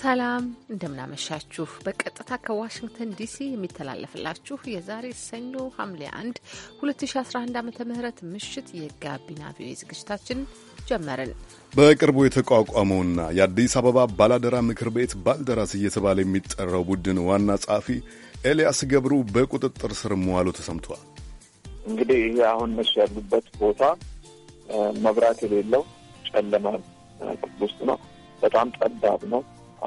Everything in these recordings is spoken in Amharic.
ሰላም እንደምናመሻችሁ። በቀጥታ ከዋሽንግተን ዲሲ የሚተላለፍላችሁ የዛሬ ሰኞ ሐምሌ 1 2011 ዓ ም ምሽት የጋቢና ቪዮ ዝግጅታችን ጀመርን። በቅርቡ የተቋቋመውና የአዲስ አበባ ባላደራ ምክር ቤት ባልደራስ እየተባለ የሚጠራው ቡድን ዋና ጸሐፊ ኤልያስ ገብሩ በቁጥጥር ስር መዋሉ ተሰምቷል። እንግዲህ ይህ አሁን እነሱ ያሉበት ቦታ መብራት የሌለው ጨለማ ውስጥ ነው። በጣም ጠባብ ነው።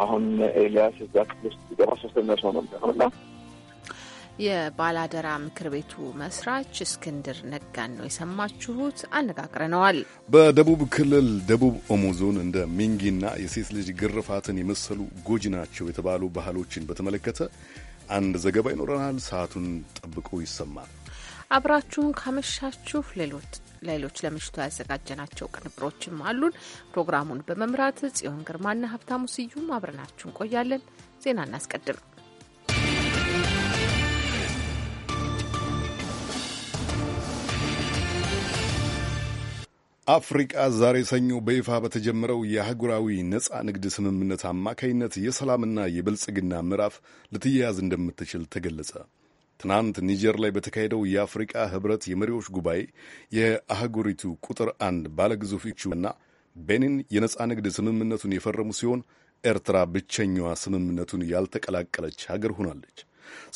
አሁን ኤልያስ እዛ ክፍል ውስጥ ገባ ሶስተኛ ሰው ነው የሚሆነው እና የባላደራ ምክር ቤቱ መስራች እስክንድር ነጋን ነው የሰማችሁት። አነጋግረነዋል። በደቡብ ክልል ደቡብ ኦሞ ዞን እንደ ሚንጊና የሴት ልጅ ግርፋትን የመሰሉ ጎጂ ናቸው የተባሉ ባህሎችን በተመለከተ አንድ ዘገባ ይኖረናል። ሰዓቱን ጠብቆ ይሰማል። አብራችሁን ካመሻችሁ ሌሎት ሌሎች ለምሽቱ ያዘጋጀናቸው ቅንብሮችም አሉን። ፕሮግራሙን በመምራት ጽዮን ግርማና ሀብታሙ ስዩም አብረናችሁ እንቆያለን። ዜና እናስቀድም። አፍሪቃ ዛሬ ሰኞ በይፋ በተጀመረው የአህጉራዊ ነፃ ንግድ ስምምነት አማካይነት የሰላምና የብልጽግና ምዕራፍ ልትያያዝ እንደምትችል ተገለጸ። ትናንት ኒጀር ላይ በተካሄደው የአፍሪቃ ህብረት የመሪዎች ጉባኤ የአህጉሪቱ ቁጥር አንድ ባለግዙፍ ቤኒን የነጻ ንግድ ስምምነቱን የፈረሙ ሲሆን ኤርትራ ብቸኛዋ ስምምነቱን ያልተቀላቀለች ሀገር ሆናለች።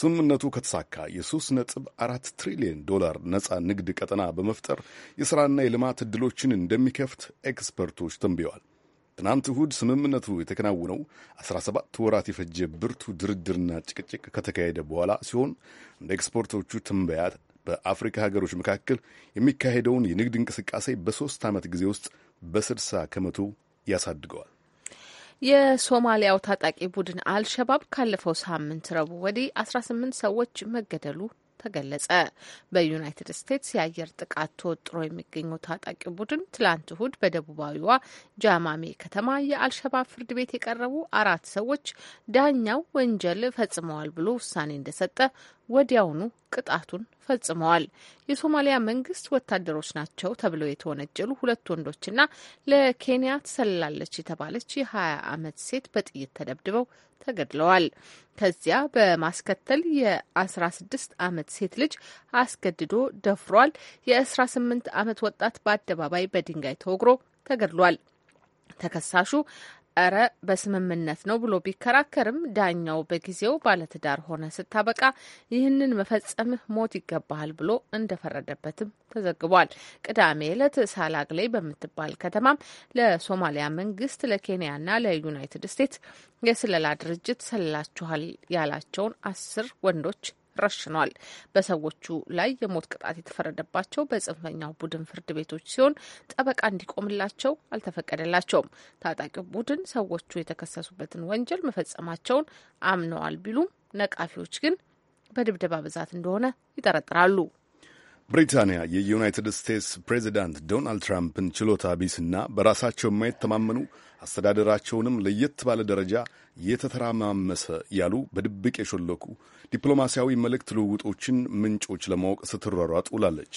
ስምምነቱ ከተሳካ የ ነጥብ አራት ትሪሊየን ዶላር ነጻ ንግድ ቀጠና በመፍጠር የሥራና የልማት ዕድሎችን እንደሚከፍት ኤክስፐርቶች ተንብየዋል። ትናንት እሁድ ስምምነቱ የተከናወነው 17 ወራት የፈጀ ብርቱ ድርድርና ጭቅጭቅ ከተካሄደ በኋላ ሲሆን እንደ ኤክስፖርቶቹ ትንበያ በአፍሪካ ሀገሮች መካከል የሚካሄደውን የንግድ እንቅስቃሴ በሶስት ዓመት ጊዜ ውስጥ በስድሳ ከመቶ ያሳድገዋል። የሶማሊያው ታጣቂ ቡድን አልሸባብ ካለፈው ሳምንት ረቡዕ ወዲህ 18 ሰዎች መገደሉ ተገለጸ። በዩናይትድ ስቴትስ የአየር ጥቃት ተወጥሮ የሚገኘው ታጣቂ ቡድን ትላንት እሁድ በደቡባዊዋ ጃማሜ ከተማ የአልሸባብ ፍርድ ቤት የቀረቡ አራት ሰዎች ዳኛው ወንጀል ፈጽመዋል ብሎ ውሳኔ እንደሰጠ ወዲያውኑ ቅጣቱን ፈጽመዋል። የሶማሊያ መንግስት ወታደሮች ናቸው ተብለው የተወነጀሉ ሁለት ወንዶችና ለኬንያ ትሰልላለች የተባለች የ20 ዓመት ሴት በጥይት ተደብድበው ተገድለዋል። ከዚያ በማስከተል የ16 ዓመት ሴት ልጅ አስገድዶ ደፍሯል። የ18 ዓመት ወጣት በአደባባይ በድንጋይ ተወግሮ ተገድሏል። ተከሳሹ እረ በስምምነት ነው ብሎ ቢከራከርም ዳኛው በጊዜው ባለትዳር ሆነ ስታበቃ ይህንን መፈጸምህ ሞት ይገባሃል ብሎ እንደፈረደበትም ተዘግቧል። ቅዳሜ ዕለት ሳላቅ ላይ በምትባል ከተማም ለሶማሊያ መንግስት፣ ለኬንያና ለዩናይትድ ስቴትስ የስለላ ድርጅት ሰልላችኋል ያላቸውን አስር ወንዶች ረሽኗል። በሰዎቹ ላይ የሞት ቅጣት የተፈረደባቸው በጽንፈኛው ቡድን ፍርድ ቤቶች ሲሆን ጠበቃ እንዲቆምላቸው አልተፈቀደላቸውም። ታጣቂው ቡድን ሰዎቹ የተከሰሱበትን ወንጀል መፈጸማቸውን አምነዋል ቢሉም ነቃፊዎች ግን በድብደባ ብዛት እንደሆነ ይጠረጥራሉ። ብሪታንያ የዩናይትድ ስቴትስ ፕሬዚዳንት ዶናልድ ትራምፕን ችሎታ ቢስና በራሳቸው የማይተማመኑ አስተዳደራቸውንም ለየት ባለ ደረጃ የተተራማመሰ ያሉ በድብቅ የሾለኩ ዲፕሎማሲያዊ መልእክት ልውውጦችን ምንጮች ለማወቅ ስትሯሯጥ ውላለች።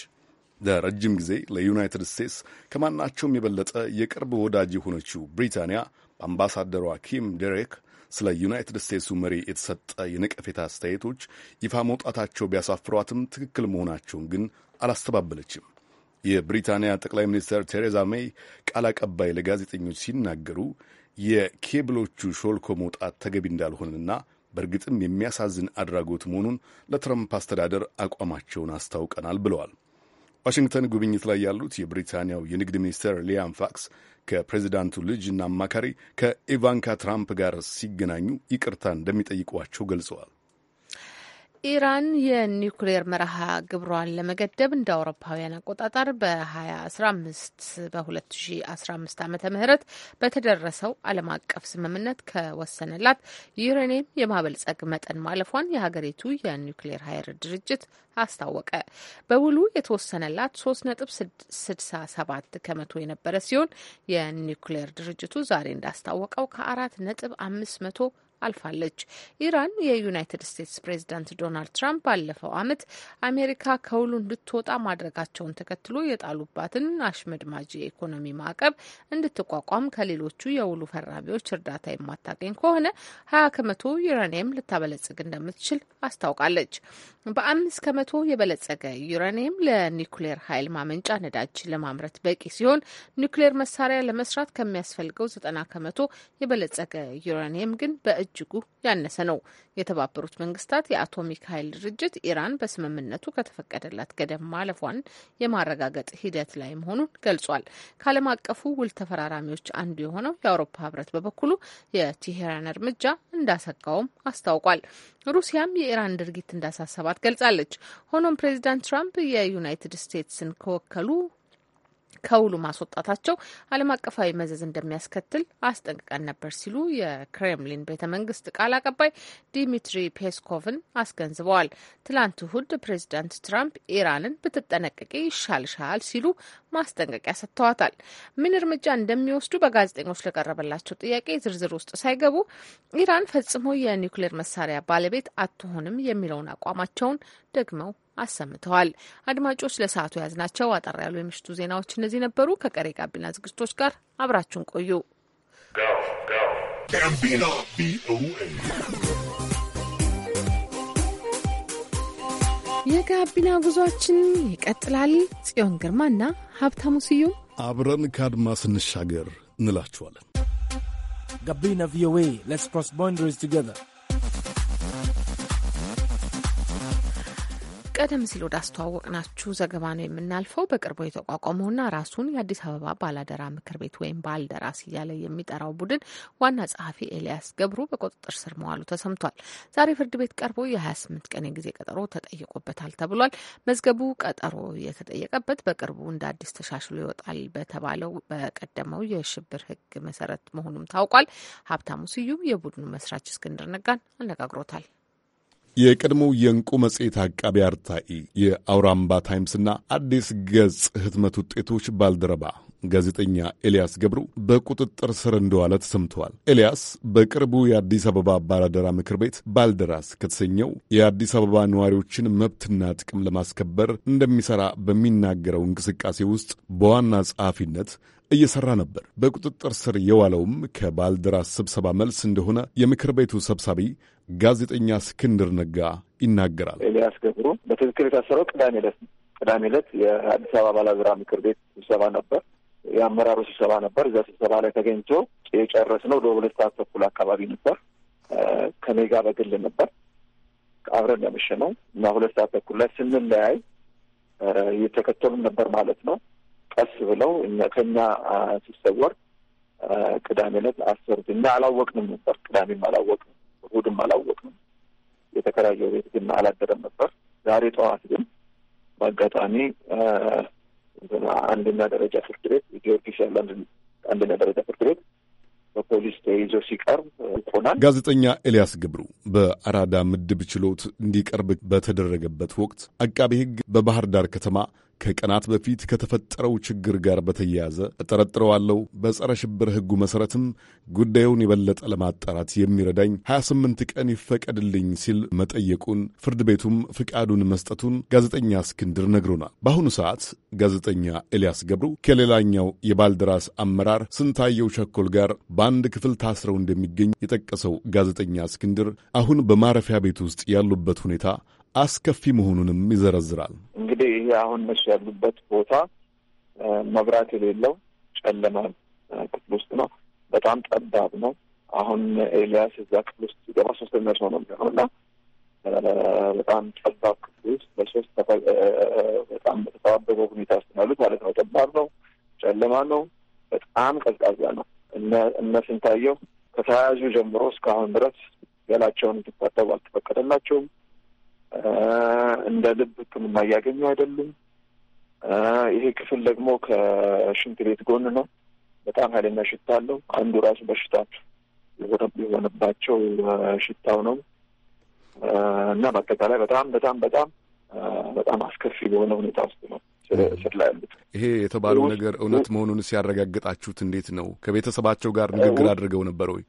ለረጅም ጊዜ ለዩናይትድ ስቴትስ ከማናቸውም የበለጠ የቅርብ ወዳጅ የሆነችው ብሪታንያ በአምባሳደሯ ኪም ዴሬክ ስለ ዩናይትድ ስቴትሱ መሪ የተሰጠ የነቀፌታ አስተያየቶች ይፋ መውጣታቸው ቢያሳፍሯትም ትክክል መሆናቸውን ግን አላስተባበለችም። የብሪታንያ ጠቅላይ ሚኒስትር ቴሬዛ ሜይ ቃል አቀባይ ለጋዜጠኞች ሲናገሩ የኬብሎቹ ሾልኮ መውጣት ተገቢ እንዳልሆነና በእርግጥም የሚያሳዝን አድራጎት መሆኑን ለትረምፕ አስተዳደር አቋማቸውን አስታውቀናል ብለዋል። ዋሽንግተን ጉብኝት ላይ ያሉት የብሪታንያው የንግድ ሚኒስትር ሊያም ፋክስ ከፕሬዚዳንቱ ልጅና አማካሪ ከኢቫንካ ትራምፕ ጋር ሲገናኙ ይቅርታ እንደሚጠይቋቸው ገልጸዋል። ኢራን የኒውክሌር መርሃ ግብሯን ለመገደብ እንደ አውሮፓውያን አቆጣጠር በ2015 በ2015 ዓመተ ምህረት በተደረሰው ዓለም አቀፍ ስምምነት ከወሰነላት ዩሬኒየም የማበልጸግ መጠን ማለፏን የሀገሪቱ የኒውክሌር ኃይል ድርጅት አስታወቀ። በውሉ የተወሰነላት 3.67 ከመቶ የነበረ ሲሆን የኒውክሌር ድርጅቱ ዛሬ እንዳስታወቀው ከ4.5 መቶ አልፋለች። ኢራን የዩናይትድ ስቴትስ ፕሬዚዳንት ዶናልድ ትራምፕ ባለፈው ዓመት አሜሪካ ከውሉ እንድትወጣ ማድረጋቸውን ተከትሎ የጣሉባትን አሽመድማጅ የኢኮኖሚ ማዕቀብ እንድትቋቋም ከሌሎቹ የውሉ ፈራሚዎች እርዳታ የማታገኝ ከሆነ ሀያ ከመቶ ዩራኒየም ልታበለጽግ እንደምትችል አስታውቃለች። በአምስት ከመቶ የበለጸገ ዩራኒየም ለኒኩሌር ኃይል ማመንጫ ነዳጅ ለማምረት በቂ ሲሆን ኒኩሌር መሳሪያ ለመስራት ከሚያስፈልገው ዘጠና ከመቶ የበለጸገ ዩራኒየም ግን በ በእጅጉ ያነሰ ነው። የተባበሩት መንግስታት የአቶሚክ ኃይል ድርጅት ኢራን በስምምነቱ ከተፈቀደላት ገደብ ማለፏን የማረጋገጥ ሂደት ላይ መሆኑን ገልጿል። ከዓለም አቀፉ ውል ተፈራራሚዎች አንዱ የሆነው የአውሮፓ ህብረት በበኩሉ የቴሄራን እርምጃ እንዳሰጋውም አስታውቋል። ሩሲያም የኢራን ድርጊት እንዳሳሰባት ገልጻለች። ሆኖም ፕሬዚዳንት ትራምፕ የዩናይትድ ስቴትስን ከወከሉ ከውሉ ማስወጣታቸው ዓለም አቀፋዊ መዘዝ እንደሚያስከትል አስጠንቅቀን ነበር ሲሉ የክሬምሊን ቤተ መንግስት ቃል አቀባይ ዲሚትሪ ፔስኮቭን አስገንዝበዋል። ትላንት እሁድ ፕሬዚዳንት ትራምፕ ኢራንን ብትጠነቀቂ ይሻልሻል ሲሉ ማስጠንቀቂያ ሰጥተዋታል። ምን እርምጃ እንደሚወስዱ በጋዜጠኞች ለቀረበላቸው ጥያቄ ዝርዝር ውስጥ ሳይገቡ ኢራን ፈጽሞ የኒውክሌር መሳሪያ ባለቤት አትሆንም የሚለውን አቋማቸውን ደግመው አሰምተዋል። አድማጮች ለሰዓቱ ናቸው። አጠር ያሉ የምሽቱ ዜናዎች እነዚህ ነበሩ። ከቀሬ ጋቢና ዝግጅቶች ጋር አብራችሁን ቆዩ። የጋቢና ጉዟችን ይቀጥላል። ጽዮን ግርማና ሀብታሙ ስዩም አብረን ከአድማ ስንሻገር እንላችኋለን። ጋቢና ቪኦኤ ሌትስ ክሮስ ባውንደሪስ ቱጌዘር ቀደም ሲል ወደ ዘገባ ነው የምናልፈው። በቅርቡ የተቋቋመውና ራሱን የአዲስ አበባ ባላደራ ምክር ቤት ወይም ባልደራስ እያለ የሚጠራው ቡድን ዋና ጸሐፊ ኤልያስ ገብሩ በቁጥጥር ስር መዋሉ ተሰምቷል። ዛሬ ፍርድ ቤት ቀርቦ የ28 ቀን የጊዜ ቀጠሮ ተጠይቆበታል ተብሏል። መዝገቡ ቀጠሮ የተጠየቀበት በቅርቡ እንደ አዲስ ተሻሽሎ ይወጣል በተባለው በቀደመው የሽብር ሕግ መሰረት መሆኑም ታውቋል። ሀብታሙ ስዩም የቡድኑ መስራች እስክንድር ነጋን አነጋግሮታል። የቀድሞው የዕንቁ መጽሔት አቃቢ አርታኢ የአውራምባ ታይምስና አዲስ ገጽ ህትመት ውጤቶች ባልደረባ ጋዜጠኛ ኤልያስ ገብሩ በቁጥጥር ስር እንደዋለ ተሰምተዋል። ኤልያስ በቅርቡ የአዲስ አበባ አባራደራ ምክር ቤት ባልደራስ ከተሰኘው የአዲስ አበባ ነዋሪዎችን መብትና ጥቅም ለማስከበር እንደሚሰራ በሚናገረው እንቅስቃሴ ውስጥ በዋና ጸሐፊነት እየሰራ ነበር። በቁጥጥር ስር የዋለውም ከባልደራስ ስብሰባ መልስ እንደሆነ የምክር ቤቱ ሰብሳቢ ጋዜጠኛ እስክንድር ነጋ ይናገራል። ኤልያስ ገብሩ በትክክል የታሰረው ቅዳሜ ዕለት ነው። ቅዳሜ ዕለት የአዲስ አበባ ባላዝራ ምክር ቤት ስብሰባ ነበር፣ የአመራሩ ስብሰባ ነበር። እዛ ስብሰባ ላይ ተገኝቶ የጨረስነው ለሁለት ሰዓት ተኩል አካባቢ ነበር። ከኔ ጋር በግል ነበር አብረን ያመሸነው እና ሁለት ሰዓት ተኩል ላይ ስንለያይ እየተከተሉን ነበር ማለት ነው። ቀስ ብለው ከኛ ሲሰወር ቅዳሜ ዕለት አስር እኛ አላወቅንም ነበር። ቅዳሜም አላወቅንም፣ እሑድም አላወቅንም። የተከራየው ቤት ግን አላደረም ነበር። ዛሬ ጠዋት ግን በአጋጣሚ አንደኛ ደረጃ ፍርድ ቤት ጊዮርጊስ ያለ አንደኛ ደረጃ ፍርድ ቤት በፖሊስ ተይዞ ሲቀርብ ሆናል። ጋዜጠኛ ኤልያስ ግብሩ በአራዳ ምድብ ችሎት እንዲቀርብ በተደረገበት ወቅት አቃቤ ሕግ በባህር ዳር ከተማ ከቀናት በፊት ከተፈጠረው ችግር ጋር በተያያዘ እጠረጥረዋለሁ። በጸረ ሽብር ሕጉ መሠረትም ጉዳዩን የበለጠ ለማጣራት የሚረዳኝ 28 ቀን ይፈቀድልኝ ሲል መጠየቁን ፍርድ ቤቱም ፍቃዱን መስጠቱን ጋዜጠኛ እስክንድር ነግሮናል። በአሁኑ ሰዓት ጋዜጠኛ ኤልያስ ገብሩ ከሌላኛው የባልደራስ አመራር ስንታየው ቸኮል ጋር በአንድ ክፍል ታስረው እንደሚገኝ የጠቀሰው ጋዜጠኛ እስክንድር አሁን በማረፊያ ቤት ውስጥ ያሉበት ሁኔታ አስከፊ መሆኑንም ይዘረዝራል። እንግዲህ ይህ አሁን እነሱ ያሉበት ቦታ መብራት የሌለው ጨለማ ክፍል ውስጥ ነው። በጣም ጠባብ ነው። አሁን ኤልያስ እዛ ክፍል ውስጥ ሲገባ ሶስተኛ ሰው ነው የሚሆነው እና በጣም ጠባብ ክፍል ውስጥ በሶስት በጣም በተጠባበበ ሁኔታ ውስጥ ያሉት ማለት ነው። ጠባብ ነው፣ ጨለማ ነው፣ በጣም ቀዝቃዛ ነው። እነ ስንታየው ከተያያዙ ጀምሮ እስካሁን ድረስ ገላቸውን እንዲታጠቡ አልተፈቀደላቸውም። እንደ ልብ ሕክምና እያገኙ አይደሉም። ይሄ ክፍል ደግሞ ከሽንት ቤት ጎን ነው። በጣም ኃይለኛ ሽታ አለው። አንዱ ራሱ በሽታ የሆነባቸው ሽታው ነው እና በአጠቃላይ በጣም በጣም በጣም በጣም አስከፊ በሆነ ሁኔታ ውስጥ ነው ስር ላይ ያሉት። ይሄ የተባለው ነገር እውነት መሆኑን ሲያረጋግጣችሁት እንዴት ነው? ከቤተሰባቸው ጋር ንግግር አድርገው ነበር ወይ?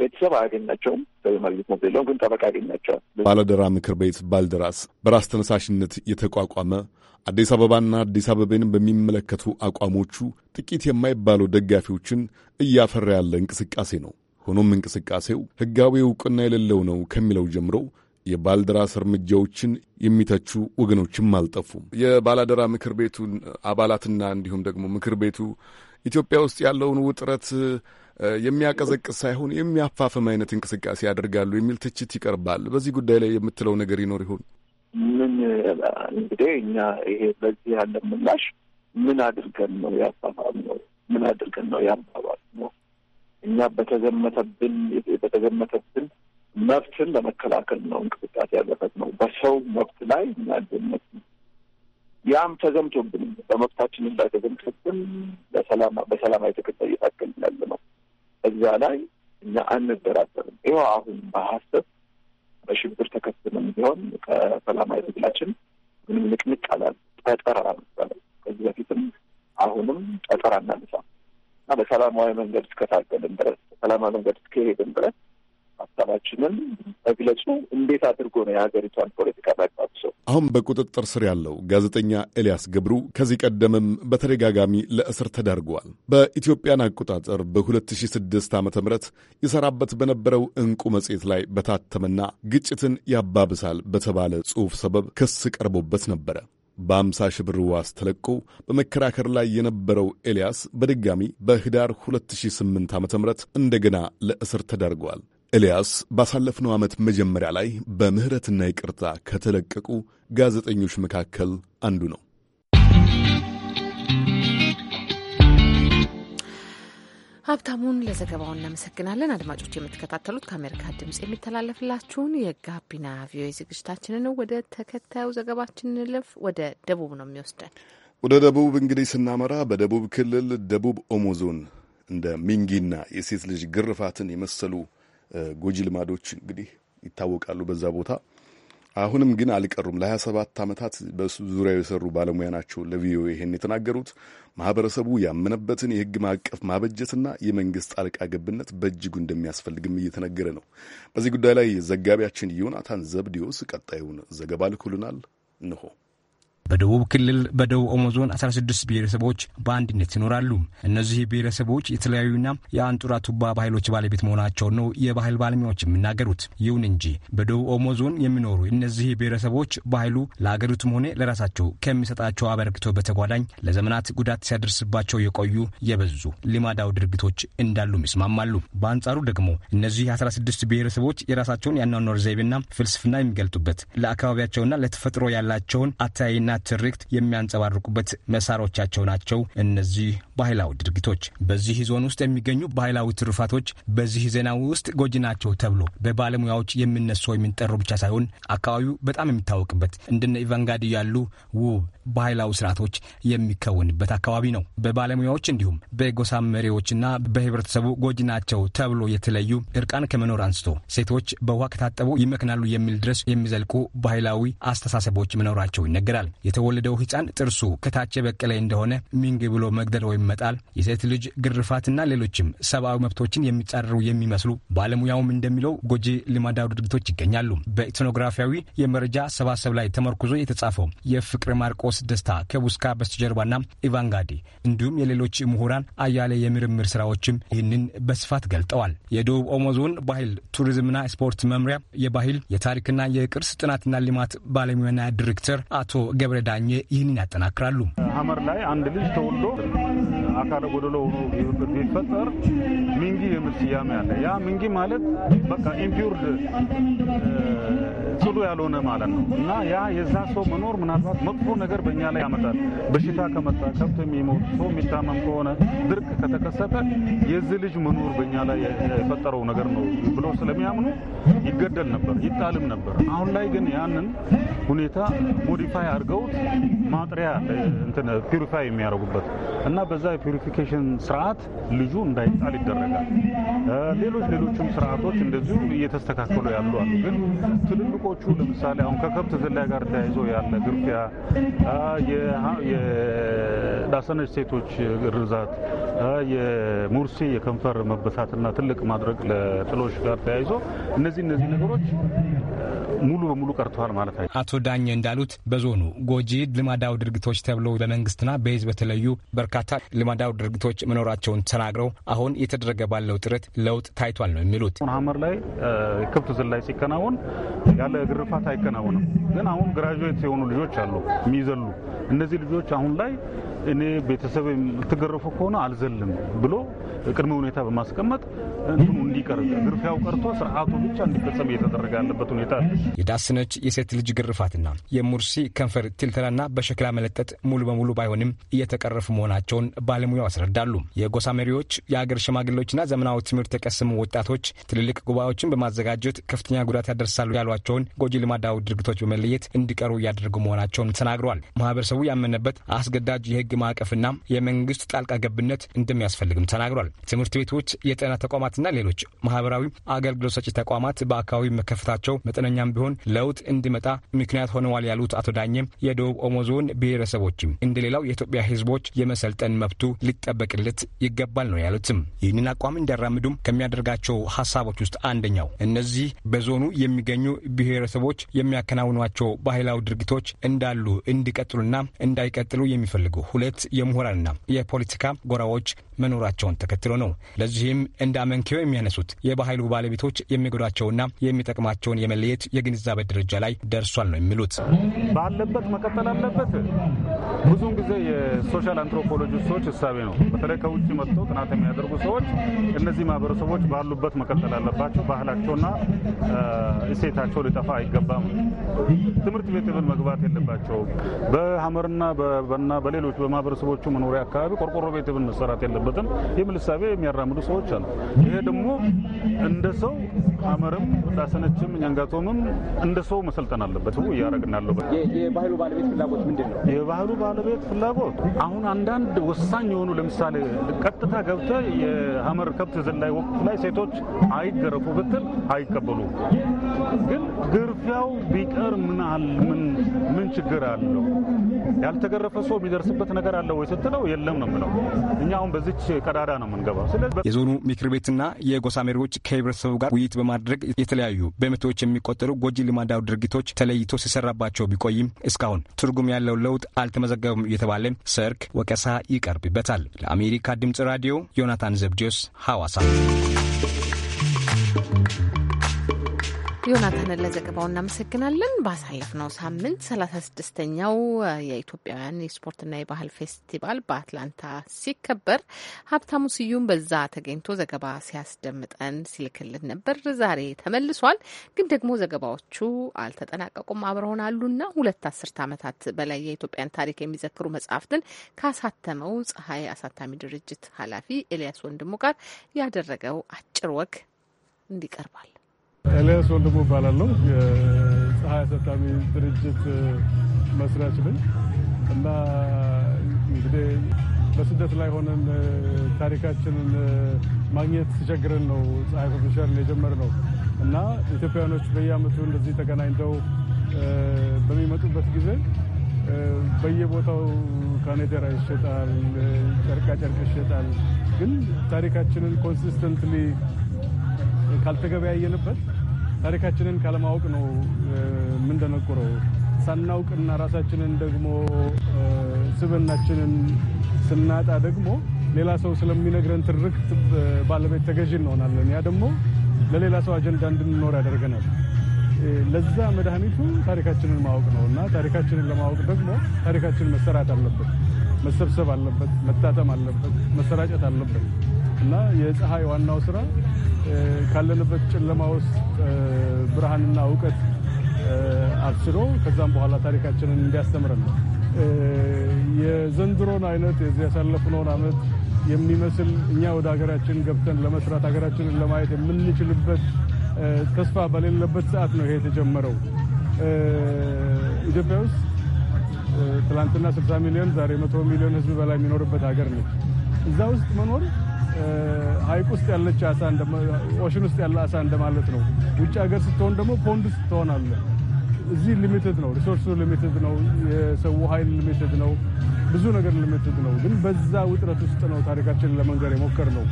ቤተሰብ አያገኛቸውም በመሪት ሞት ግን ጠበቃ ያገኛቸዋል። ባለደራ ምክር ቤት ባልደራስ በራስ ተነሳሽነት የተቋቋመ አዲስ አበባና አዲስ አበባን በሚመለከቱ አቋሞቹ ጥቂት የማይባሉ ደጋፊዎችን እያፈራ ያለ እንቅስቃሴ ነው። ሆኖም እንቅስቃሴው ሕጋዊ እውቅና የሌለው ነው ከሚለው ጀምሮ የባልደራስ እርምጃዎችን የሚተቹ ወገኖችም አልጠፉም። የባላደራ ምክር ቤቱን አባላትና እንዲሁም ደግሞ ምክር ቤቱ ኢትዮጵያ ውስጥ ያለውን ውጥረት የሚያቀዘቅስ ሳይሆን የሚያፋፍም አይነት እንቅስቃሴ ያደርጋሉ የሚል ትችት ይቀርባል። በዚህ ጉዳይ ላይ የምትለው ነገር ይኖር ይሆን? ምን እንግዲህ እኛ ይሄ በዚህ ያለ ምላሽ ምን አድርገን ነው ያፋፋም ነው? ምን አድርገን ነው ያባባል ነው? እኛ በተዘመተብን በተዘመተብን መብትን ለመከላከል ነው እንቅስቃሴ ያለበት ነው። በሰው መብት ላይ እናድነት ያም ተዘምቶብን በመብታችንም ላይ ተዘምቶብን በሰላማዊ ትክክል እየታገልን ያለ ነው። እዛ ላይ እኛ አንደራደርም። ይኸው አሁን በሀሰብ በሽብር ተከስንም ቢሆን ከሰላማዊ ትግላችን ምንም ንቅንቅ አላል። ጠጠር አላነሳለም። ከዚህ በፊትም አሁንም ጠጠራ አናነሳም እና በሰላማዊ መንገድ እስከታገልን ድረስ በሰላማዊ መንገድ እስከሄድን ድረስ ሀሳባችንን መግለጹ እንዴት አድርጎ ነው የሀገሪቷን ፖለቲካ ባግባብሰው። አሁን በቁጥጥር ስር ያለው ጋዜጠኛ ኤልያስ ገብሩ ከዚህ ቀደምም በተደጋጋሚ ለእስር ተዳርገዋል። በኢትዮጵያን አቆጣጠር በ2006 ዓ ም ይሰራበት በነበረው እንቁ መጽሔት ላይ በታተመና ግጭትን ያባብሳል በተባለ ጽሑፍ ሰበብ ክስ ቀርቦበት ነበረ። በአምሳ ሺህ ብር ዋስ ተለቆ በመከራከር ላይ የነበረው ኤልያስ በድጋሚ በህዳር 2008 ዓ ም እንደገና ለእስር ተዳርገዋል። ኤልያስ ባሳለፍነው ዓመት መጀመሪያ ላይ በምህረትና ይቅርታ ከተለቀቁ ጋዜጠኞች መካከል አንዱ ነው። ሀብታሙን ለዘገባው እናመሰግናለን። አድማጮች የምትከታተሉት ከአሜሪካ ድምጽ የሚተላለፍላችሁን የጋቢና ቪኦኤ ዝግጅታችንን። ወደ ተከታዩ ዘገባችን እንለፍ። ወደ ደቡብ ነው የሚወስደን። ወደ ደቡብ እንግዲህ ስናመራ በደቡብ ክልል ደቡብ ኦሞ ዞን እንደ ሚንጊና የሴት ልጅ ግርፋትን የመሰሉ ጎጂ ልማዶች እንግዲህ ይታወቃሉ በዛ ቦታ። አሁንም ግን አልቀሩም። ለ27 ዓመታት በዙሪያው የሰሩ ባለሙያ ናቸው ለቪኦኤ ይህን የተናገሩት። ማህበረሰቡ ያመነበትን የህግ ማዕቀፍ ማበጀትና የመንግስት ጣልቃ ገብነት በእጅጉ እንደሚያስፈልግም እየተነገረ ነው። በዚህ ጉዳይ ላይ ዘጋቢያችን ዮናታን ዘብዲዮስ ቀጣዩን ዘገባ ልኩልናል። እንሆ በደቡብ ክልል በደቡብ ኦሞ ዞን 16 ብሔረሰቦች በአንድነት ይኖራሉ። እነዚህ ብሔረሰቦች የተለያዩና የአንጡራ ቱባ ባህሎች ባለቤት መሆናቸው ነው የባህል ባለሙያዎች የሚናገሩት። ይሁን እንጂ በደቡብ ኦሞ ዞን የሚኖሩ እነዚህ ብሔረሰቦች ባህሉ ለአገሪቱም ሆነ ለራሳቸው ከሚሰጣቸው አበርክቶ በተጓዳኝ ለዘመናት ጉዳት ሲያደርስባቸው የቆዩ የበዙ ልማዳዊ ድርጊቶች እንዳሉም ይስማማሉ። በአንጻሩ ደግሞ እነዚህ 16 ብሔረሰቦች የራሳቸውን የአኗኗር ዘይቤና ፍልስፍና የሚገልጡበት ለአካባቢያቸውና ለተፈጥሮ ያላቸውን አተያይና ባህልና ትርክት የሚያንጸባርቁበት መሳሪያዎቻቸው ናቸው እነዚህ ባህላዊ ድርጊቶች። በዚህ ዞን ውስጥ የሚገኙ ባህላዊ ትሩፋቶች በዚህ ዜና ውስጥ ጎጂ ናቸው ተብሎ በባለሙያዎች የሚነሱ የሚንጠሩ ብቻ ሳይሆን አካባቢው በጣም የሚታወቅበት እንደነ ኢቫንጋዲ ያሉ ውብ ባህላዊ ስርዓቶች የሚከወንበት አካባቢ ነው። በባለሙያዎች እንዲሁም በጎሳ መሪዎችና በህብረተሰቡ ጎጂ ናቸው ተብሎ የተለዩ እርቃን ከመኖር አንስቶ ሴቶች በውሃ ከታጠቡ ይመክናሉ የሚል ድረስ የሚዘልቁ ባህላዊ አስተሳሰቦች መኖራቸው ይነገራል። የተወለደው ህፃን ጥርሱ ከታች የበቀለ እንደሆነ ሚንግ ብሎ መግደል ወይም መጣል፣ የሴት ልጅ ግርፋትና ሌሎችም ሰብአዊ መብቶችን የሚጻረሩ የሚመስሉ ባለሙያውም እንደሚለው ጎጂ ልማዳዊ ድርጊቶች ይገኛሉ። በኢትኖግራፊያዊ የመረጃ ሰባሰብ ላይ ተመርኩዞ የተጻፈው የፍቅር ማርቆስ ደስታ ከቡስካ በስተጀርባና ኢቫንጋዲ እንዲሁም የሌሎች ምሁራን አያሌ የምርምር ስራዎችም ይህንን በስፋት ገልጠዋል። የደቡብ ኦሞ ዞን ባህል ቱሪዝምና ስፖርት መምሪያ የባህል የታሪክና የቅርስ ጥናትና ልማት ባለሙያና ዲሬክተር አቶ ገበ ገብረ ዳኘ ይህንን ያጠናክራሉ። ሀመር ላይ አንድ ልጅ ተወልዶ አካለ ጎደሎ ሆኖ ቢፈጠር ሚንጊ የሚል ስያሜ አለ። ያ ሚንጊ ማለት በቃ ኢምፒውርድ ጽዱ ያልሆነ ማለት ነው እና ያ የዛ ሰው መኖር ምናልባት መጥፎ ነገር በእኛ ላይ ያመጣል። በሽታ ከመጣ ከብት የሚሞት ሰው የሚታመም ከሆነ ድርቅ ከተከሰተ የዚህ ልጅ መኖር በእኛ ላይ የፈጠረው ነገር ነው ብሎ ስለሚያምኑ ይገደል ነበር፣ ይጣልም ነበር። አሁን ላይ ግን ያንን ሁኔታ ሞዲፋይ አድርገውት ማጥሪያ ፒሪፋይ የሚያደርጉበት እና በዛ የፒሪፊኬሽን ስርዓት ልጁ እንዳይጣል ይደረጋል። ሌሎች ሌሎችም ስርዓቶች እንደዚሁ እየተስተካከሉ ያሉ አሉ። ግን ትልልቆቹ ለምሳሌ አሁን ከከብት ዝላይ ጋር ተያይዞ ያለ ግርፊያ፣ የዳሰነች ሴቶች ግርዛት የሙርሲ የከንፈር መበሳትና ትልቅ ማድረግ ለጥሎች ጋር ተያይዞ እነዚህ እነዚህ ነገሮች ሙሉ በሙሉ ቀርተዋል ማለት አይ አቶ ዳኘ እንዳሉት በዞኑ ጎጂ ልማዳዊ ድርጊቶች ተብለው በመንግስትና በህዝብ በተለዩ በርካታ ልማዳዊ ድርጊቶች መኖራቸውን ተናግረው አሁን የተደረገ ባለው ጥረት ለውጥ ታይቷል ነው የሚሉት። ሀመር ላይ ክብት ዝላይ ሲከናወን ያለ ግርፋት አይከናወንም። ግን አሁን ግራጁዌት የሆኑ ልጆች አሉ የሚዘሉ እነዚህ ልጆች አሁን ላይ እኔ ቤተሰብ የምትገረፉ ከሆነ አልዘልም ብሎ ቅድመ ሁኔታ በማስቀመጥ እንትኑ እንዲቀር ግርፊያው ቀርቶ ስርዓቱ ብቻ እንዲፈጸም እየተደረገ ያለበት ሁኔታ አለ። የዳስነች የሴት ልጅ ግርፋትና የሙርሲ ከንፈር ትልተላና በሸክላ መለጠጥ ሙሉ በሙሉ ባይሆንም እየተቀረፉ መሆናቸውን ባለሙያው ያስረዳሉ። የጎሳ መሪዎች፣ የአገር ሽማግሌዎችና ዘመናዊ ትምህርት የቀሰሙ ወጣቶች ትልልቅ ጉባኤዎችን በማዘጋጀት ከፍተኛ ጉዳት ያደርሳሉ ያሏቸውን ጎጂ ልማዳዊ ድርጊቶች በመለየት እንዲቀሩ እያደረጉ መሆናቸውን ተናግረዋል። ማህበረሰቡ ያመነበት አስገዳጅ የህግ የህግ ማዕቀፍና የመንግስት ጣልቃ ገብነት እንደሚያስፈልግም ተናግሯል። ትምህርት ቤቶች፣ የጤና ተቋማትና ሌሎች ማህበራዊ አገልግሎት ሰጪ ተቋማት በአካባቢ መከፈታቸው መጠነኛም ቢሆን ለውጥ እንዲመጣ ምክንያት ሆነዋል ያሉት አቶ ዳኘም የደቡብ ኦሞ ዞን ብሔረሰቦችም እንደሌላው የኢትዮጵያ ህዝቦች የመሰልጠን መብቱ ሊጠበቅለት ይገባል ነው ያሉትም። ይህንን አቋም እንዲያራምዱም ከሚያደርጋቸው ሀሳቦች ውስጥ አንደኛው እነዚህ በዞኑ የሚገኙ ብሔረሰቦች የሚያከናውኗቸው ባህላዊ ድርጊቶች እንዳሉ እንዲቀጥሉና እንዳይቀጥሉ የሚፈልጉ ሁለት የምሁራንና የፖለቲካ ጎራዎች መኖራቸውን ተከትሎ ነው። ለዚህም እንደ አመንኪዮ የሚያነሱት የባህሉ ባለቤቶች የሚጎዷቸውና የሚጠቅማቸውን የመለየት የግንዛቤ ደረጃ ላይ ደርሷል ነው የሚሉት። ባለበት መቀጠል አለበት። ብዙውን ጊዜ የሶሻል ሰዎች እሳቤ ነው። በተለይ ከውጭ መጥተው ጥናት የሚያደርጉ ሰዎች እነዚህ ማህበረሰቦች ባሉበት መቀጠል አለባቸው፣ ባህላቸውና እሴታቸው ሊጠፋ አይገባም። ትምህርት ቤት ብን መግባት የለባቸውም። በሀመርና በሌሎች በማህበረሰቦቹ መኖሪያ አካባቢ ቆርቆሮ ቤት ብን መሰራት የለበት ያለበትን የሚል እሳቤ የሚያራምዱ ሰዎች አሉ። ይሄ ደግሞ እንደ ሰው አመርም፣ ዳሰነችም፣ ኛንጋጦምም እንደ ሰው መሰልጠን አለበት። እያረግን ያለው የባህሉ ባለቤት ፍላጎት ምንድን ነው? የባህሉ ባለቤት ፍላጎት አሁን አንዳንድ ወሳኝ የሆኑ ለምሳሌ ቀጥታ ገብተ የሀመር ከብት ዝላይ ወቅት ላይ ሴቶች አይገረፉ ብትል አይቀበሉ። ግን ግርፊያው ቢቀር ምናል ምን ችግር አለው? ያልተገረፈ ሰው የሚደርስበት ነገር አለ ወይ ስትለው የለም ነው የምለው እኛ አሁን በዚህ ወደች ቀዳዳ ነው የምንገባው። ስለዚህ የዞኑ ምክር ቤትና የጎሳ መሪዎች ከህብረተሰቡ ጋር ውይይት በማድረግ የተለያዩ በመቶዎች የሚቆጠሩ ጎጂ ልማዳዊ ድርጊቶች ተለይቶ ሲሰራባቸው ቢቆይም እስካሁን ትርጉም ያለው ለውጥ አልተመዘገበም እየተባለ ሰርክ ወቀሳ ይቀርብበታል። ለአሜሪካ ድምጽ ራዲዮ ዮናታን ዘብዲዮስ ሐዋሳ ዮናታንን ለዘገባው እናመሰግናለን። ባሳለፍነው ሳምንት ሰላሳ ስድስተኛው የኢትዮጵያውያን የስፖርትና የባህል ፌስቲቫል በአትላንታ ሲከበር ሀብታሙ ስዩም በዛ ተገኝቶ ዘገባ ሲያስደምጠን ሲልክልን ነበር። ዛሬ ተመልሷል። ግን ደግሞ ዘገባዎቹ አልተጠናቀቁም። አብረውን አሉና ሁለት አስርት ዓመታት በላይ የኢትዮጵያን ታሪክ የሚዘክሩ መጽሐፍትን ካሳተመው ፀሐይ አሳታሚ ድርጅት ኃላፊ ኤልያስ ወንድሙ ጋር ያደረገው አጭር ወግ እንዲቀርባል ኤልያስ ወንድሙ እባላለሁ። የፀሐይ አሳታሚ ድርጅት መስራች ነኝ እና እንግዲህ በስደት ላይ ሆነን ታሪካችንን ማግኘት ሲቸግረን ነው ፀሐይ ፐብሊሸርን የጀመርነው እና ኢትዮጵያውያኖች በየዓመቱ እንደዚህ ተገናኝተው በሚመጡበት ጊዜ በየቦታው ካኔደራ ይሸጣል፣ ጨርቃጨርቅ ይሸጣል። ግን ታሪካችንን ኮንሲስተንትሊ ካልተገበያየንበት ታሪካችንን ካለማወቅ ነው የምንደነቁረው። ሳናውቅና ራሳችንን ደግሞ ስብናችንን ስናጣ ደግሞ ሌላ ሰው ስለሚነግረን ትርክት ባለቤት ተገዥ እንሆናለን። ያ ደግሞ ለሌላ ሰው አጀንዳ እንድንኖር ያደርገናል። ለዛ መድኃኒቱ ታሪካችንን ማወቅ ነው እና ታሪካችንን ለማወቅ ደግሞ ታሪካችን መሰራት አለበት፣ መሰብሰብ አለበት፣ መታተም አለበት፣ መሰራጨት አለበት። እና የፀሐይ ዋናው ስራ ካለንበት ጨለማ ውስጥ ብርሃንና እውቀት አብስሮ ከዛም በኋላ ታሪካችንን እንዲያስተምረን ነው። የዘንድሮን አይነት የዚህ ያሳለፍነውን ዓመት የሚመስል እኛ ወደ ሀገራችን ገብተን ለመስራት ሀገራችንን ለማየት የምንችልበት ተስፋ በሌለበት ሰዓት ነው ይሄ የተጀመረው። ኢትዮጵያ ውስጥ ትናንትና 60 ሚሊዮን ዛሬ መቶ ሚሊዮን ህዝብ በላይ የሚኖርበት ሀገር ነች። እዛ ውስጥ መኖር ሀይቅ ውስጥ ያለች አሳ ኦሽን ውስጥ ያለ አሳ እንደማለት ነው። ውጭ ሀገር ስትሆን ደግሞ ፖንድ ትሆናለ። እዚህ ሊሚትድ ነው፣ ሪሶርሱ ሊሚትድ ነው፣ የሰው ኃይል ሊሚትድ ነው፣ ብዙ ነገር ሊሚትድ ነው። ግን በዛ ውጥረት ውስጥ ነው ታሪካችንን ለመንገር የሞከር ነው።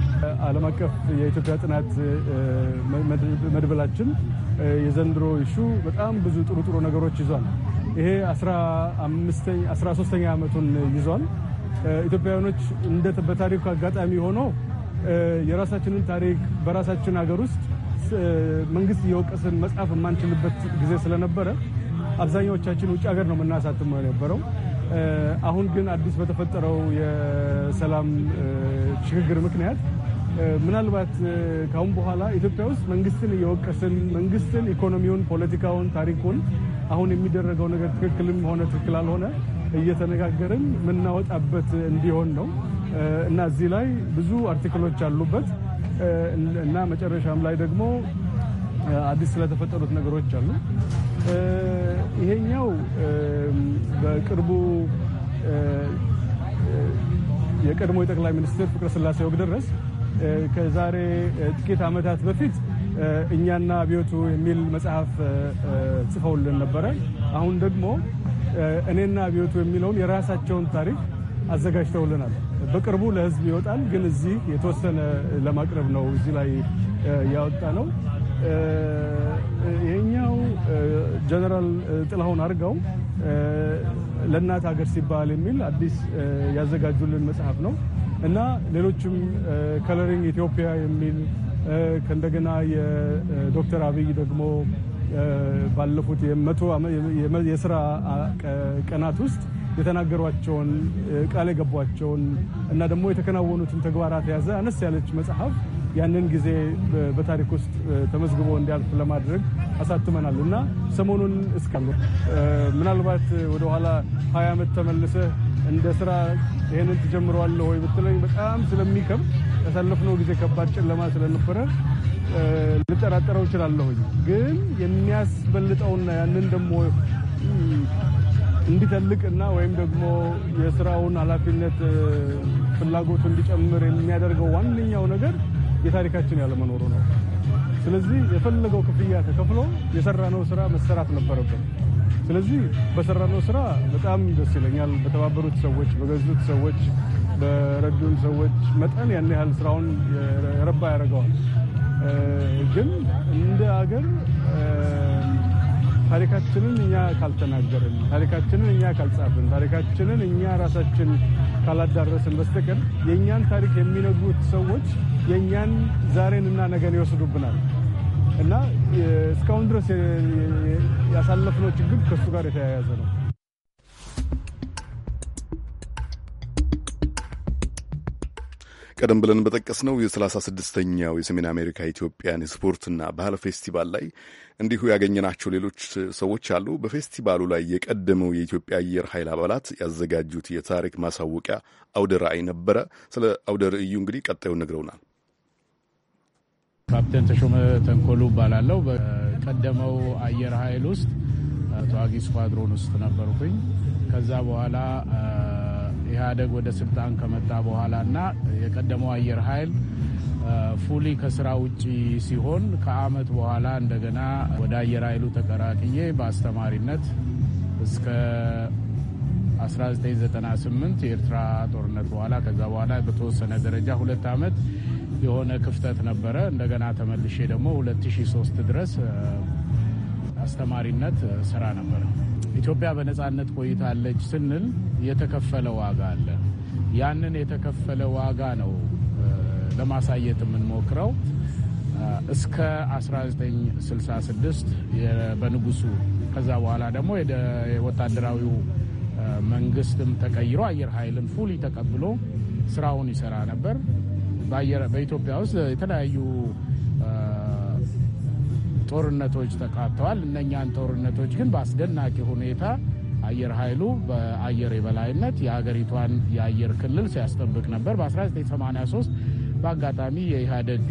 ዓለም አቀፍ የኢትዮጵያ ጥናት መድበላችን የዘንድሮ ይሹ በጣም ብዙ ጥሩ ጥሩ ነገሮች ይዟል። ይሄ አስራ ሶስተኛ ዓመቱን ይዟል። ኢትዮጵያውያኖች እንደ በታሪክ አጋጣሚ ሆኖ የራሳችንን ታሪክ በራሳችን ሀገር ውስጥ መንግስት እየወቀስን መጽሐፍ የማንችልበት ጊዜ ስለነበረ አብዛኛዎቻችን ውጭ ሀገር ነው የምናሳትመው የነበረው። አሁን ግን አዲስ በተፈጠረው የሰላም ሽግግር ምክንያት ምናልባት ካሁን በኋላ ኢትዮጵያ ውስጥ መንግስትን እየወቀስን መንግስትን፣ ኢኮኖሚውን፣ ፖለቲካውን፣ ታሪኩን አሁን የሚደረገው ነገር ትክክልም ሆነ ትክክል አልሆነ እየተነጋገርን የምናወጣበት እንዲሆን ነው እና እዚህ ላይ ብዙ አርቲክሎች አሉበት እና መጨረሻም ላይ ደግሞ አዲስ ስለተፈጠሩት ነገሮች አሉ። ይሄኛው በቅርቡ የቀድሞ የጠቅላይ ሚኒስትር ፍቅረ ስላሴ ወግደረስ ከዛሬ ጥቂት ዓመታት በፊት እኛና አብዮቱ የሚል መጽሐፍ ጽፈውልን ነበረ። አሁን ደግሞ እኔና አብዮቱ የሚለውን የራሳቸውን ታሪክ አዘጋጅተውልናል። በቅርቡ ለህዝብ ይወጣል። ግን እዚህ የተወሰነ ለማቅረብ ነው እዚህ ላይ ያወጣ ነው። ይሄኛው ጀነራል ጥላሁን አርጋው ለእናት ሀገር ሲባል የሚል አዲስ ያዘጋጁልን መጽሐፍ ነው እና ሌሎችም ከለሪንግ ኢትዮጵያ የሚል ከእንደገና የዶክተር አብይ ደግሞ ባለፉት የመቶ የስራ ቀናት ውስጥ የተናገሯቸውን ቃል የገቧቸውን እና ደግሞ የተከናወኑትን ተግባራት የያዘ አነስ ያለች መጽሐፍ ያንን ጊዜ በታሪክ ውስጥ ተመዝግቦ እንዲያልፍ ለማድረግ አሳትመናል እና ሰሞኑን እስካሉ ምናልባት ወደኋላ ሀያ ዓመት ተመልሰህ እንደ ስራ ይህንን ትጀምረዋለህ ወይ ብትለኝ በጣም ስለሚከብድ ያሳለፍነው ጊዜ ከባድ ጨለማ ስለነበረ ልጠራጠረው እችላለሁኝ። ግን የሚያስበልጠውና ያንን ደግሞ እንዲተልቅና ወይም ደግሞ የስራውን ኃላፊነት ፍላጎቱ እንዲጨምር የሚያደርገው ዋነኛው ነገር የታሪካችን ያለመኖሩ ነው። ስለዚህ የፈለገው ክፍያ ተከፍሎ የሰራነው ስራ መሰራት ነበረበት። ስለዚህ በሰራነው ስራ በጣም ደስ ይለኛል። በተባበሩት ሰዎች፣ በገዙት ሰዎች፣ በረዱን ሰዎች መጠን ያን ያህል ስራውን ረባ ያደርገዋል። ግን እንደ አገር ታሪካችንን እኛ ካልተናገርን፣ ታሪካችንን እኛ ካልጻፍን፣ ታሪካችንን እኛ ራሳችን ካላዳረስን በስተቀር የእኛን ታሪክ የሚነግሩት ሰዎች የእኛን እና ነገን ይወስዱብናል እና እስካሁን ድረስ ያሳለፍነው ችግር ከእሱ ጋር የተያያዘ ነው። ቀደም ብለን በጠቀስነው የ 36 የሰሜን አሜሪካ ኢትዮጵያን የስፖርትና ባህል ፌስቲቫል ላይ እንዲሁ ያገኘናቸው ሌሎች ሰዎች አሉ። በፌስቲቫሉ ላይ የቀደመው የኢትዮጵያ አየር ኃይል አባላት ያዘጋጁት የታሪክ ማሳወቂያ አውደ ራዕይ ነበረ። ስለ አውደ ርዕዩ እንግዲህ ቀጣዩን ነግረውናል። ካፕቴን ተሾመ ተንኮሉ እባላለሁ። በቀደመው አየር ኃይል ውስጥ ተዋጊ ስኳድሮን ውስጥ ነበርኩኝ። ከዛ በኋላ ኢህአደግ ወደ ስልጣን ከመጣ በኋላ እና የቀደመው አየር ኃይል ፉሊ ከስራ ውጪ ሲሆን ከአመት በኋላ እንደገና ወደ አየር ኃይሉ ተቀራቅዬ በአስተማሪነት እስከ 1998 የኤርትራ ጦርነት በኋላ ከዛ በኋላ በተወሰነ ደረጃ ሁለት አመት የሆነ ክፍተት ነበረ። እንደገና ተመልሼ ደግሞ 2003 ድረስ አስተማሪነት ስራ ነበረ። ኢትዮጵያ በነጻነት ቆይታለች ስንል የተከፈለ ዋጋ አለ። ያንን የተከፈለ ዋጋ ነው ለማሳየት የምንሞክረው። እስከ 1966 በንጉሱ ከዛ በኋላ ደግሞ የወታደራዊው መንግስትም ተቀይሮ አየር ኃይልን ፉሊ ተቀብሎ ስራውን ይሰራ ነበር። በኢትዮጵያ ውስጥ የተለያዩ ጦርነቶች ተካተዋል። እነኛን ጦርነቶች ግን በአስደናቂ ሁኔታ አየር ኃይሉ በአየር የበላይነት የሀገሪቷን የአየር ክልል ሲያስጠብቅ ነበር። በ1983 በአጋጣሚ የኢህአዴግ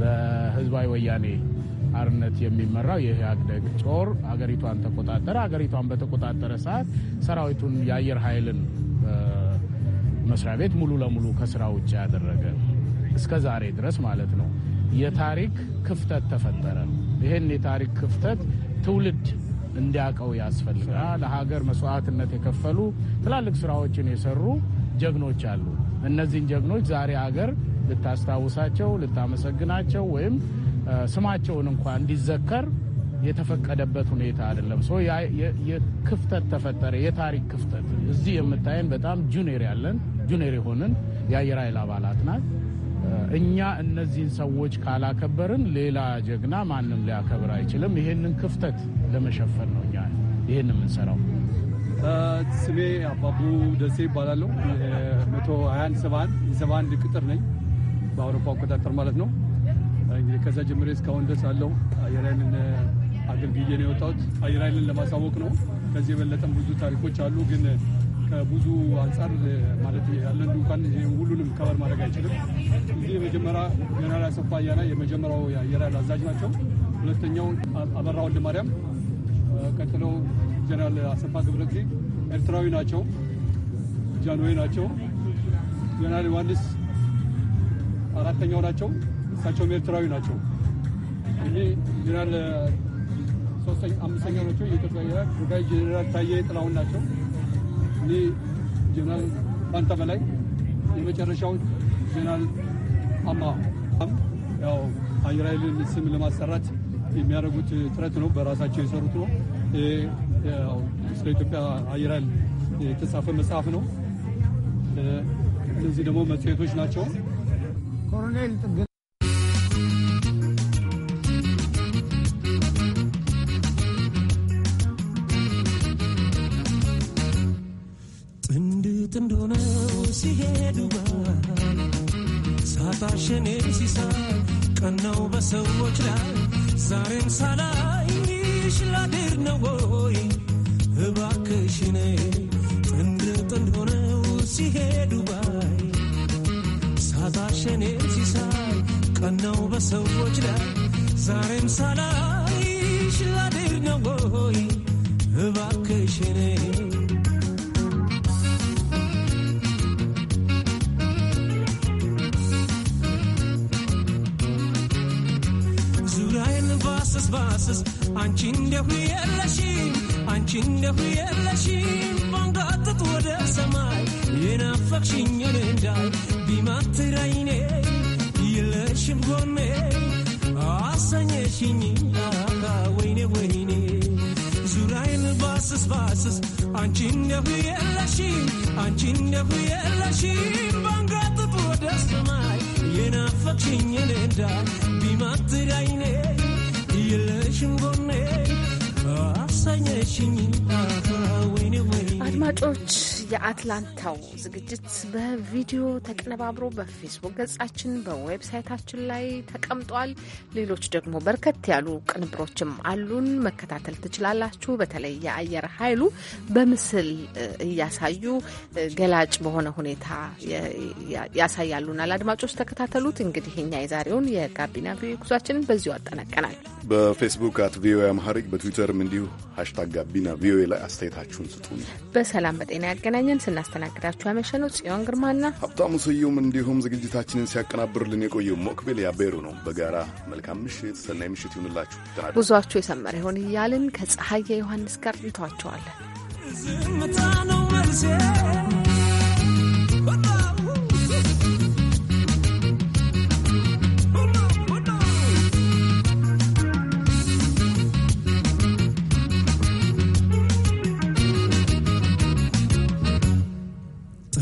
በህዝባዊ ወያኔ አርነት የሚመራው የኢህአዴግ ጦር ሀገሪቷን ተቆጣጠረ። ሀገሪቷን በተቆጣጠረ ሰዓት ሰራዊቱን የአየር ኃይልን መስሪያ ቤት ሙሉ ለሙሉ ከስራ ውጭ ያደረገ እስከ ዛሬ ድረስ ማለት ነው። የታሪክ ክፍተት ተፈጠረ። ይህን የታሪክ ክፍተት ትውልድ እንዲያውቀው ያስፈልጋል። ለሀገር መስዋዕትነት የከፈሉ ትላልቅ ስራዎችን የሰሩ ጀግኖች አሉ። እነዚህን ጀግኖች ዛሬ ሀገር ልታስታውሳቸው፣ ልታመሰግናቸው ወይም ስማቸውን እንኳ እንዲዘከር የተፈቀደበት ሁኔታ አይደለም። ሶ ክፍተት ተፈጠረ፣ የታሪክ ክፍተት። እዚህ የምታየን በጣም ጁኔር ያለን ጁኔር የሆንን የአየር ኃይል አባላት ናት። እኛ እነዚህን ሰዎች ካላከበርን ሌላ ጀግና ማንም ሊያከብር አይችልም። ይሄንን ክፍተት ለመሸፈን ነው እኛ ይህን የምንሰራው። ስሜ አባቡ ደሴ ይባላለሁ። መቶ ሀያ አንድ የሰባ አንድ ቅጥር ነኝ በአውሮፓ አቆጣጠር ማለት ነው። እንግዲህ ከዛ ጀምሬ እስካሁን ድረስ አለው አየር ኃይልን አገልግዬ ነው የወጣሁት። አየር ኃይልን ለማሳወቅ ነው። ከዚህ የበለጠም ብዙ ታሪኮች አሉ ግን ከብዙ አንጻር ማለት ያለን ድንኳን ሁሉንም ከበር ማድረግ አይችልም። እዚህ የመጀመሪያ ጀነራል አሰፋ አያና የመጀመሪያው የአየር ኃይል አዛዥ ናቸው። ሁለተኛው አበራ ወልድ ማርያም፣ ቀጥለው ጀነራል አሰፋ ግብረ ኤርትራዊ ናቸው፣ ጃንዌ ናቸው። ጀነራል ዮሐንስ አራተኛው ናቸው፣ እሳቸውም ኤርትራዊ ናቸው። እንግዲህ ጀነራል ሶስተኛ አምስተኛው ናቸው የኢትዮጵያ ብርጋዴር ጀነራል ታዬ ጥላሁን ናቸው። እኔ ጀነራል ባንታ በላይ የመጨረሻው ጀነራል አማ ያው አየር ኃይልን ስም ለማሰራት የሚያደርጉት ጥረት ነው። በራሳቸው የሰሩት ነው። ስለ ኢትዮጵያ አየር ኃይል የተጻፈ መጽሐፍ ነው። እነዚህ ደግሞ መጽሔቶች ናቸው። ኮሎኔል ሆኖች ላይ ዛሬም ሳላይሽ ላድር ነው ወይ እባክሽኔ ጥንድ ጥንድ ሆነው ሲሄዱ ባይ ሳታሸኔ ሲሳይ ቀናው በሰዎች ላይ ዛሬም አንቺ እንደሁ የለሽም አንቺ እንደሁ የለሽም አንጋጥጥ ወደ ሰማይ የናፈቅሽኛል እንዳይ ቢማትረይኔ የለሽም ጎኔ አሰኘሽኝ ላካ ወይኔ ወይኔ ዙራይን ባስስ ባስስ አንቺ እንደሁ የለሽም አንቺ አድማጮች የአትላንታው ዝግጅት በቪዲዮ ተቀነባብሮ በፌስቡክ ገጻችን በዌብሳይታችን ላይ ተቀምጧል። ሌሎች ደግሞ በርከት ያሉ ቅንብሮችም አሉን፣ መከታተል ትችላላችሁ። በተለይ የአየር ኃይሉ በምስል እያሳዩ ገላጭ በሆነ ሁኔታ ያሳያሉናል። አድማጮች ተከታተሉት። እንግዲህ እኛ የዛሬውን የጋቢና ቪ ጉዟችንን በዚሁ አጠናቀናል። በፌስቡክ አት ቪኦኤ አማሪክ በትዊተርም እንዲሁ ሀሽታግ ጋቢና ቪኦኤ ላይ አስተያየታችሁን ስጡን። በሰላም በጤና ያገናኝ እየተገናኘን ስናስተናግዳችሁ ያመሸነው ጽዮን ግርማና ሀብታሙ ስዩም እንዲሁም ዝግጅታችንን ሲያቀናብርልን የቆየው ሞክቤል ያቤሩ ነው። በጋራ መልካም ምሽት፣ ሰናይ ምሽት ይሁንላችሁ። ጉዟችሁ የሰመረ ይሆን እያልን ከፀሐየ ዮሐንስ ጋር እንተዋቸዋለን።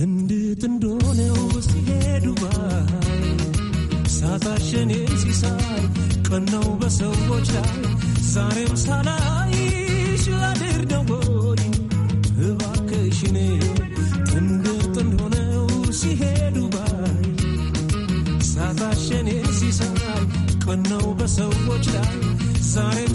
እንዴት እንደሆነው ሲሄዱ ባህል ሳታሸኔ ሲሳይ ቀነው በሰዎች ላይ ዛሬም ሳላይሽ ላድር ነው እባክሽኔ እንዴት እንደሆነው ሲሄዱ ባህል ሳታሸኔ ሲሳይ በሰዎች ላይ ዛሬም